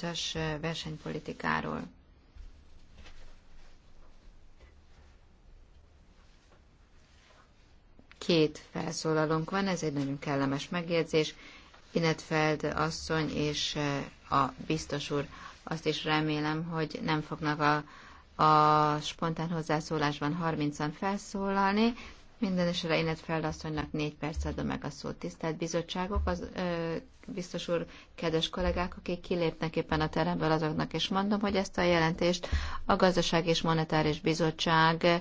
közös versenypolitikáról. Két felszólalónk van, ez egy nagyon kellemes megjegyzés. Inetfeld asszony és eh, a biztos úr. Azt is remélem, hogy nem fognak a, a spontán hozzászólásban 30-an felszólalni, minden én Reinet Feldasszonynak négy perc adom meg a szót. Tisztelt bizottságok, az, ö, biztos úr, kedves kollégák, akik kilépnek éppen a teremből azoknak, és mondom, hogy ezt a jelentést a Gazdaság és Monetáris Bizottság ö,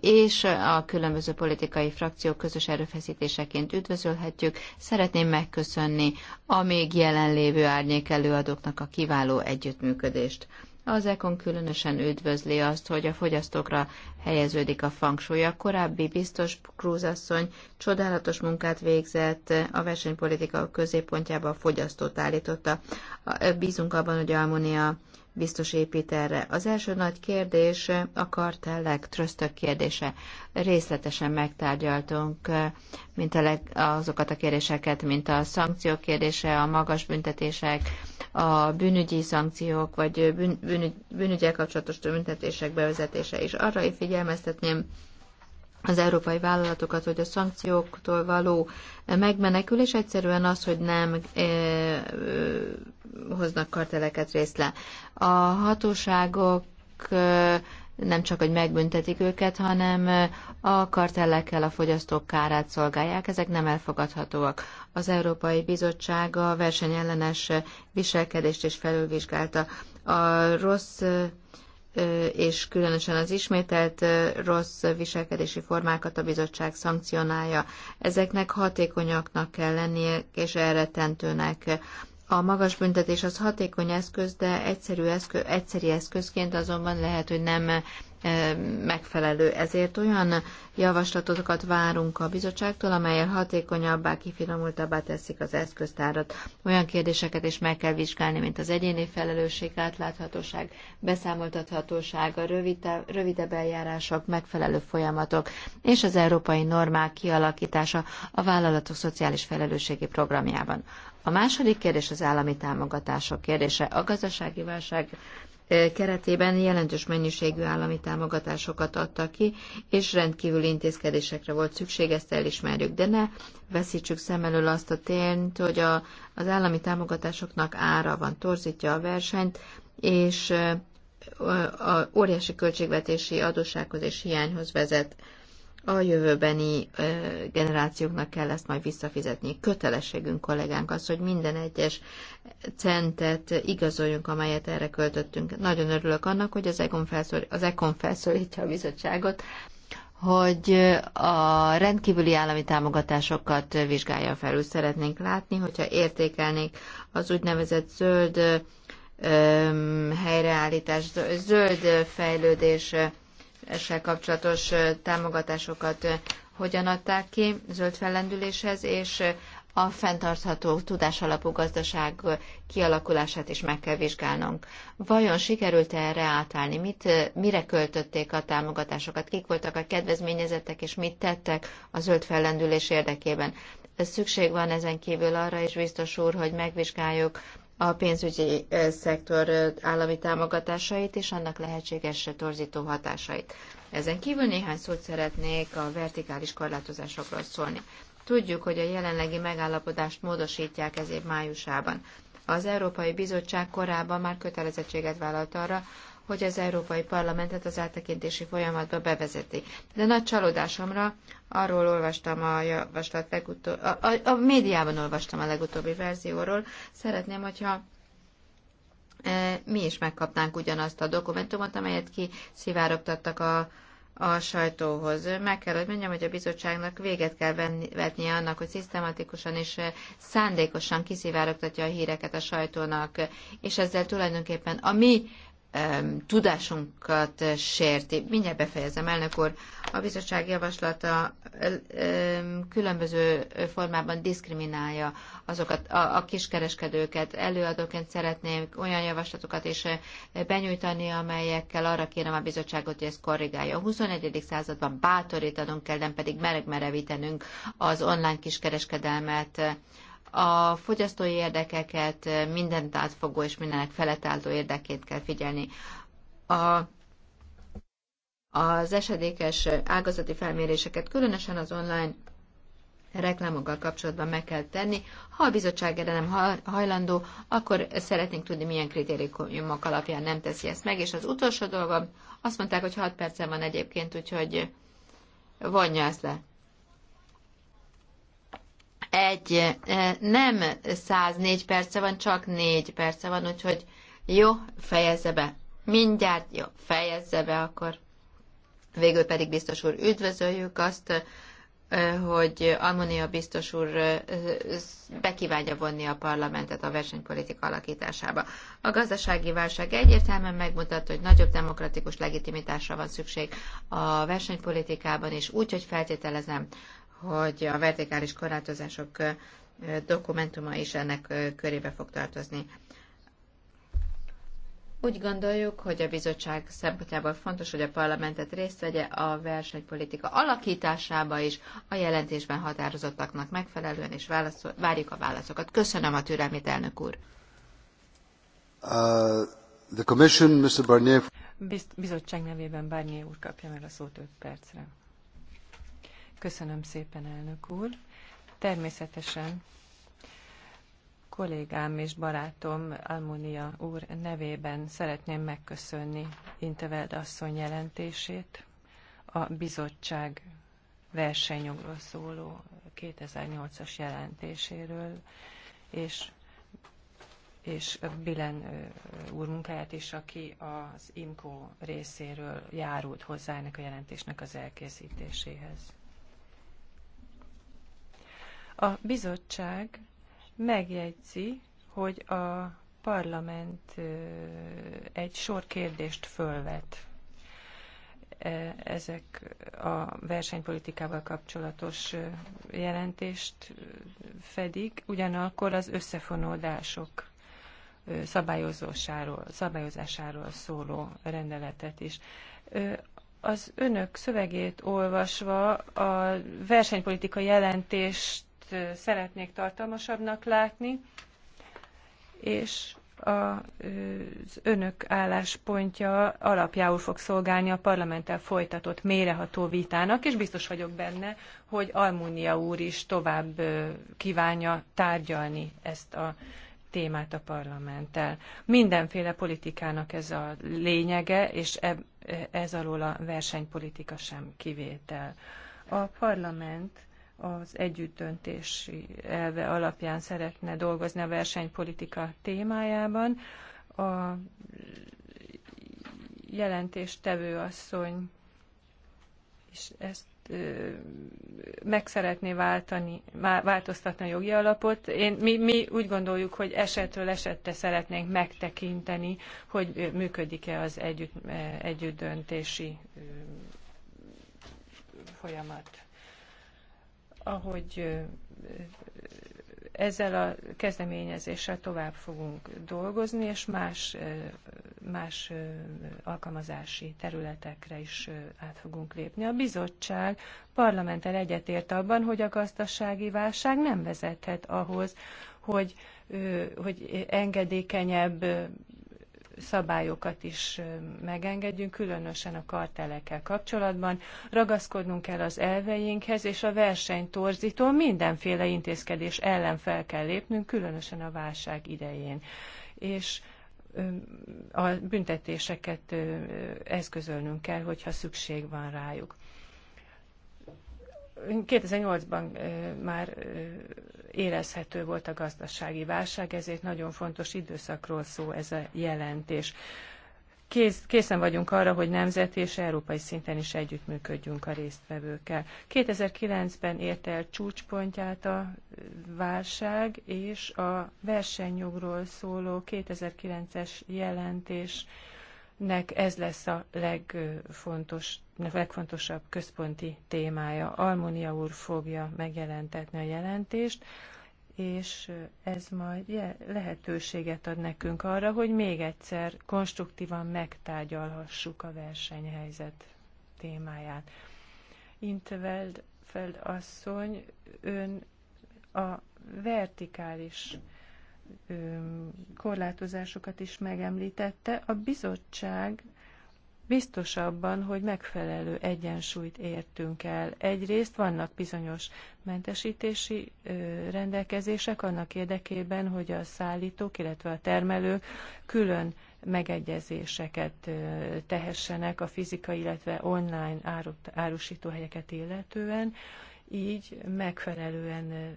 és a különböző politikai frakciók közös erőfeszítéseként üdvözölhetjük. Szeretném megköszönni a még jelenlévő árnyék előadóknak a kiváló együttműködést. Az ECON különösen üdvözli azt, hogy a fogyasztókra helyeződik a fangsúly. A korábbi biztos Krúzasszony csodálatos munkát végzett, a versenypolitika középpontjába a fogyasztót állította. Bízunk abban, hogy Almonia biztos épít erre. Az első nagy kérdés a kartellek, trösztök kérdése. Részletesen megtárgyaltunk mint a leg, azokat a kérdéseket, mint a szankciók kérdése, a magas büntetések, a bűnügyi szankciók, vagy bűn, bűnügy, bűnügyel kapcsolatos büntetések bevezetése is. Arra figyelmeztetném, az európai vállalatokat, hogy a szankcióktól való megmenekülés egyszerűen az, hogy nem e, e, hoznak karteleket részt le. A hatóságok e, nem csak, hogy megbüntetik őket, hanem a kartellekkel a fogyasztók kárát szolgálják, ezek nem elfogadhatóak. Az Európai Bizottság a versenyellenes viselkedést is felülvizsgálta. A rossz és különösen az ismételt rossz viselkedési formákat a bizottság szankcionálja. Ezeknek hatékonyaknak kell lennie, és elrettentőnek. A magas büntetés az hatékony eszköz, de egyszerű eszköz, egyszeri eszközként azonban lehet, hogy nem megfelelő. Ezért olyan javaslatokat várunk a bizottságtól, amelyel hatékonyabbá, kifinomultabbá teszik az eszköztárat. Olyan kérdéseket is meg kell vizsgálni, mint az egyéni felelősség, átláthatóság, beszámoltathatóság, a rövide, rövidebb eljárások, megfelelő folyamatok és az európai normák kialakítása a vállalatok szociális felelősségi programjában. A második kérdés az állami támogatások kérdése. A gazdasági válság keretében jelentős mennyiségű állami támogatásokat adtak ki, és rendkívüli intézkedésekre volt szükség, ezt elismerjük. De ne veszítsük szem elől azt a tényt, hogy a, az állami támogatásoknak ára van, torzítja a versenyt, és a óriási költségvetési adósághoz és hiányhoz vezet a jövőbeni generációknak kell ezt majd visszafizetni. Kötelességünk kollégánk az, hogy minden egyes centet igazoljunk, amelyet erre költöttünk. Nagyon örülök annak, hogy az ECON, felszor, az ECON felszólítja a bizottságot, hogy a rendkívüli állami támogatásokat vizsgálja felül. Szeretnénk látni, hogyha értékelnék az úgynevezett zöld helyreállítás, zöld fejlődés ezzel kapcsolatos támogatásokat hogyan adták ki zöld fellendüléshez, és a fenntartható tudásalapú gazdaság kialakulását is meg kell vizsgálnunk. Vajon sikerült -e erre átállni? Mit, mire költötték a támogatásokat? Kik voltak a kedvezményezettek, és mit tettek a zöld fellendülés érdekében? Szükség van ezen kívül arra, és biztos úr, hogy megvizsgáljuk a pénzügyi szektor állami támogatásait és annak lehetséges torzító hatásait. Ezen kívül néhány szót szeretnék a vertikális korlátozásokról szólni. Tudjuk, hogy a jelenlegi megállapodást módosítják ez év májusában. Az Európai Bizottság korábban már kötelezettséget vállalt arra, hogy az Európai Parlamentet az áttekintési folyamatba bevezeti. De nagy csalódásomra arról olvastam a javaslat legutóbb, a, a, a médiában olvastam a legutóbbi verzióról. Szeretném, hogyha e, mi is megkapnánk ugyanazt a dokumentumot, amelyet ki szivárogtattak a, a sajtóhoz. Meg kell, hogy mondjam, hogy a bizottságnak véget kell vetnie annak, hogy szisztematikusan és e, szándékosan kiszivárogtatja a híreket a sajtónak, és ezzel tulajdonképpen a mi tudásunkat sérti. Mindjárt befejezem, elnök úr. A bizottság javaslata különböző formában diszkriminálja azokat a, kiskereskedőket. Előadóként szeretném olyan javaslatokat is eh, benyújtani, amelyekkel arra kérem a bizottságot, hogy ezt korrigálja. A 21. században bátorítanunk kell, nem pedig mereg merevítenünk az online kiskereskedelmet a fogyasztói érdekeket, mindent átfogó és mindenek felett érdekét kell figyelni. A az esedékes ágazati felméréseket, különösen az online reklámokkal kapcsolatban meg kell tenni. Ha a bizottság erre nem hajlandó, akkor szeretnénk tudni, milyen kritériumok alapján nem teszi ezt meg. És az utolsó dolga, azt mondták, hogy 6 percen van egyébként, úgyhogy vonja ezt le egy, nem 104 perce van, csak 4 perce van, úgyhogy jó, fejezze be. Mindjárt jó, fejezze be akkor. Végül pedig biztos úr, üdvözöljük azt, hogy Almonia biztos úr bekívánja vonni a parlamentet a versenypolitika alakításába. A gazdasági válság egyértelműen megmutatta, hogy nagyobb demokratikus legitimitásra van szükség a versenypolitikában, és úgy, hogy feltételezem, hogy a vertikális korlátozások dokumentuma is ennek körébe fog tartozni. Úgy gondoljuk, hogy a bizottság szempontjából fontos, hogy a parlamentet részt vegye a versenypolitika alakításába is, a jelentésben határozottaknak megfelelően, és válaszol, várjuk a válaszokat. Köszönöm a türelmét, elnök úr! Uh, the commission, Mr. Barnier... Bizt, bizottság nevében Barnier úr kapja meg a szót 5 percre. Köszönöm szépen, elnök úr. Természetesen kollégám és barátom Almonia úr nevében szeretném megköszönni Inteveld asszony jelentését a bizottság versenyjogról szóló 2008-as jelentéséről, és és Bilen úr munkáját is, aki az IMCO részéről járult hozzá ennek a jelentésnek az elkészítéséhez. A bizottság megjegyzi, hogy a parlament egy sor kérdést fölvet e, ezek a versenypolitikával kapcsolatos jelentést fedik, ugyanakkor az összefonódások szabályozásáról, szabályozásáról szóló rendeletet is. Az önök szövegét olvasva a versenypolitika jelentést szeretnék tartalmasabbnak látni, és az önök álláspontja alapjául fog szolgálni a parlamenttel folytatott méreható vitának, és biztos vagyok benne, hogy Almunia úr is tovább kívánja tárgyalni ezt a témát a parlamenttel. Mindenféle politikának ez a lényege, és ez alól a versenypolitika sem kivétel. A parlament az együttöntési elve alapján szeretne dolgozni a versenypolitika témájában. A jelentéstevő asszony is ezt meg szeretné váltani, változtatni a jogi alapot. Én, mi, mi úgy gondoljuk, hogy esetről esette szeretnénk megtekinteni, hogy működik-e az együtt, döntési folyamat ahogy ezzel a kezdeményezéssel tovább fogunk dolgozni, és más, más alkalmazási területekre is át fogunk lépni. A bizottság parlamenttel egyetért abban, hogy a gazdasági válság nem vezethet ahhoz, hogy, hogy engedékenyebb szabályokat is megengedjünk, különösen a kartelekkel kapcsolatban. Ragaszkodnunk kell az elveinkhez, és a versenytorzító mindenféle intézkedés ellen fel kell lépnünk, különösen a válság idején. És a büntetéseket eszközölnünk kell, hogyha szükség van rájuk. 2008-ban már érezhető volt a gazdasági válság, ezért nagyon fontos időszakról szó ez a jelentés. Kész, készen vagyunk arra, hogy nemzeti és európai szinten is együttműködjünk a résztvevőkkel. 2009-ben ért el csúcspontját a válság, és a versenyjogról szóló 2009-es jelentés nek ez lesz a legfontos, legfontosabb központi témája. Almunia úr fogja megjelentetni a jelentést, és ez majd lehetőséget ad nekünk arra, hogy még egyszer konstruktívan megtárgyalhassuk a versenyhelyzet témáját. Intveld Feld asszony, ön a vertikális korlátozásokat is megemlítette. A bizottság biztos abban, hogy megfelelő egyensúlyt értünk el. Egyrészt vannak bizonyos mentesítési rendelkezések annak érdekében, hogy a szállítók, illetve a termelők külön megegyezéseket tehessenek a fizikai, illetve online árusítóhelyeket illetően, így megfelelően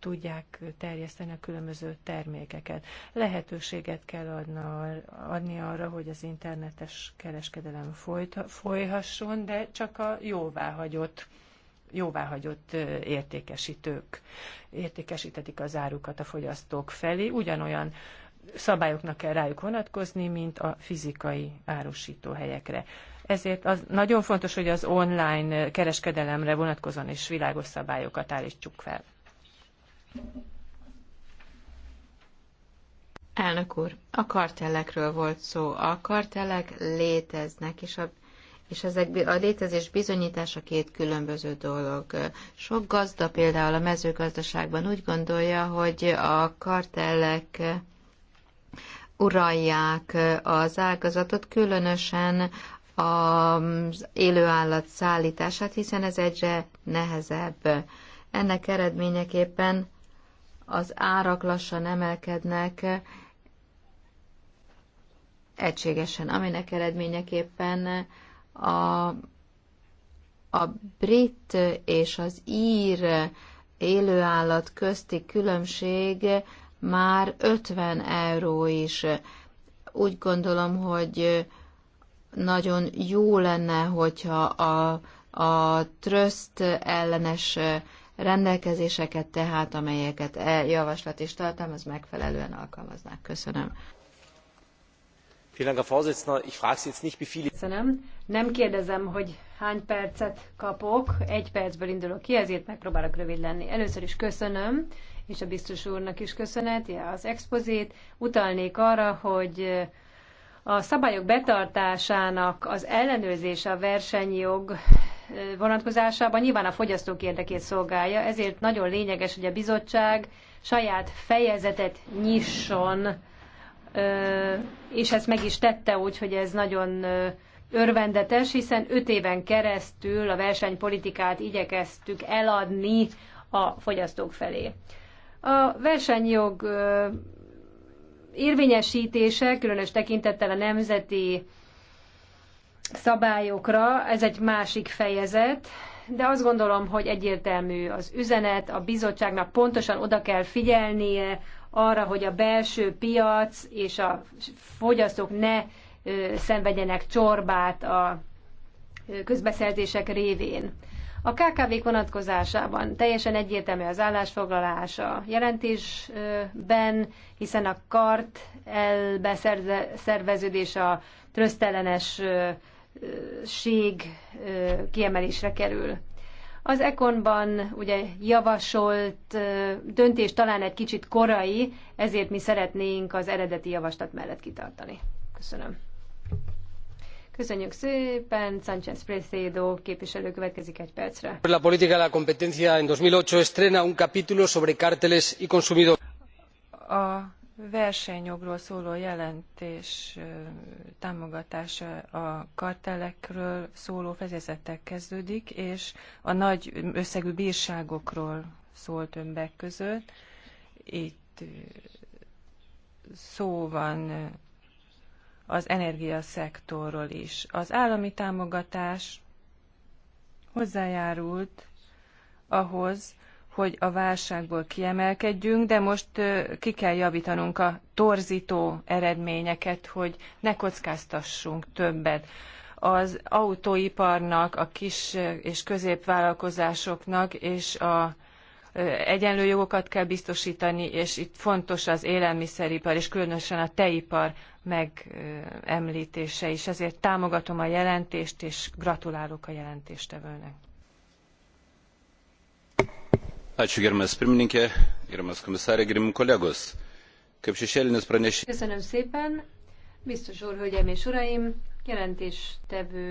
tudják terjeszteni a különböző termékeket. Lehetőséget kell adna, adni arra, hogy az internetes kereskedelem folyt, folyhasson, de csak a jóváhagyott jóváhagyott értékesítők értékesítetik az árukat a fogyasztók felé. Ugyanolyan szabályoknak kell rájuk vonatkozni, mint a fizikai árusító helyekre. Ezért az nagyon fontos, hogy az online kereskedelemre vonatkozóan és világos szabályokat állítsuk fel. Elnök úr, a kartellekről volt szó. A kartellek léteznek, és, a, és ezek, a létezés bizonyítása két különböző dolog. Sok gazda például a mezőgazdaságban úgy gondolja, hogy a kartellek uralják az ágazatot, különösen az élőállat szállítását, hiszen ez egyre nehezebb. Ennek eredményeképpen az árak lassan emelkednek egységesen, aminek eredményeképpen a, a brit és az ír élőállat közti különbség már 50 euró is. Úgy gondolom, hogy nagyon jó lenne, hogyha a, a tröszt ellenes rendelkezéseket tehát, amelyeket e javaslat is tartalmaz, megfelelően alkalmaznák. Köszönöm. Köszönöm. Nem kérdezem, hogy hány percet kapok. Egy percből indulok ki, ezért megpróbálok rövid lenni. Először is köszönöm, és a biztos úrnak is köszönet, az expozét. Utalnék arra, hogy eh, a szabályok betartásának az ellenőrzése a versenyjog vonatkozásában nyilván a fogyasztók érdekét szolgálja, ezért nagyon lényeges, hogy a bizottság saját fejezetet nyisson, és ezt meg is tette úgy, hogy ez nagyon örvendetes, hiszen öt éven keresztül a versenypolitikát igyekeztük eladni a fogyasztók felé. A versenyjog érvényesítése, különös tekintettel a nemzeti szabályokra, ez egy másik fejezet, de azt gondolom, hogy egyértelmű az üzenet, a bizottságnak pontosan oda kell figyelnie arra, hogy a belső piac és a fogyasztók ne ö, szenvedjenek csorbát a közbeszerzések révén. A KKV vonatkozásában teljesen egyértelmű az állásfoglalás a jelentésben, hiszen a kart elbeszerveződés a trösztelenes ség kiemelésre kerül. Az Ekonban ugye javasolt döntés talán egy kicsit korai, ezért mi szeretnénk az eredeti javaslat mellett kitartani. Köszönöm. Köszönjük szépen, Sánchez Precedo képviselő következik egy percre. La política de la competencia en 2008 estrena un capítulo sobre cárteles y consumidores. A versenyjogról szóló jelentés támogatása a kartelekről szóló fejezetek kezdődik, és a nagy összegű bírságokról szól többek között. Itt szó van az energiaszektorról is. Az állami támogatás hozzájárult ahhoz, hogy a válságból kiemelkedjünk, de most ki kell javítanunk a torzító eredményeket, hogy ne kockáztassunk többet. Az autóiparnak, a kis és középvállalkozásoknak és a egyenlő jogokat kell biztosítani, és itt fontos az élelmiszeripar, és különösen a teipar megemlítése is. Ezért támogatom a jelentést, és gratulálok a jelentéstevőnek. Kaip šešėlinis pranešėjas biztos úr, hölgyeim és uraim, jelentéstevő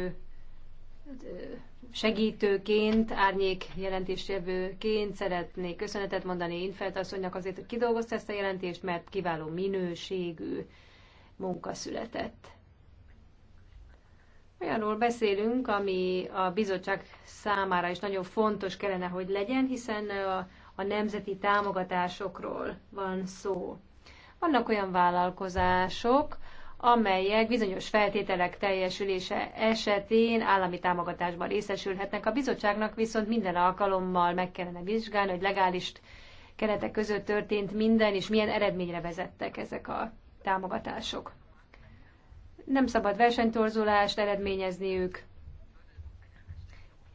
segítőként, árnyék jelentéstevőként szeretnék köszönetet mondani Infelt asszonynak azért, hogy kidolgozta ezt a jelentést, mert kiváló minőségű munka született olyanról beszélünk, ami a bizottság számára is nagyon fontos kellene, hogy legyen, hiszen a, a nemzeti támogatásokról van szó. Vannak olyan vállalkozások, amelyek bizonyos feltételek teljesülése esetén állami támogatásban részesülhetnek. A bizottságnak viszont minden alkalommal meg kellene vizsgálni, hogy legális keretek között történt minden, és milyen eredményre vezettek ezek a támogatások. Nem szabad versenytorzulást eredményezniük,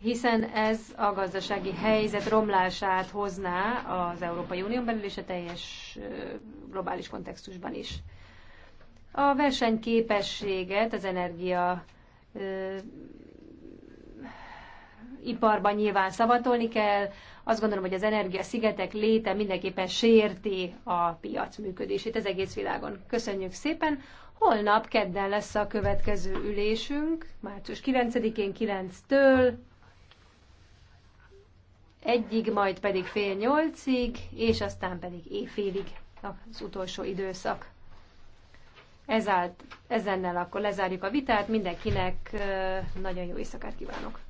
hiszen ez a gazdasági helyzet romlását hozná az Európai Unión belül és a teljes globális kontextusban is. A versenyképességet az energia iparban nyilván szabatolni kell. Azt gondolom, hogy az energia szigetek léte mindenképpen sérti a piac működését az egész világon. Köszönjük szépen! Holnap kedden lesz a következő ülésünk, március 9-én 9-től, egyig, majd pedig fél nyolcig, és aztán pedig éjfélig az utolsó időszak. Ezált, ezennel akkor lezárjuk a vitát, mindenkinek nagyon jó éjszakát kívánok!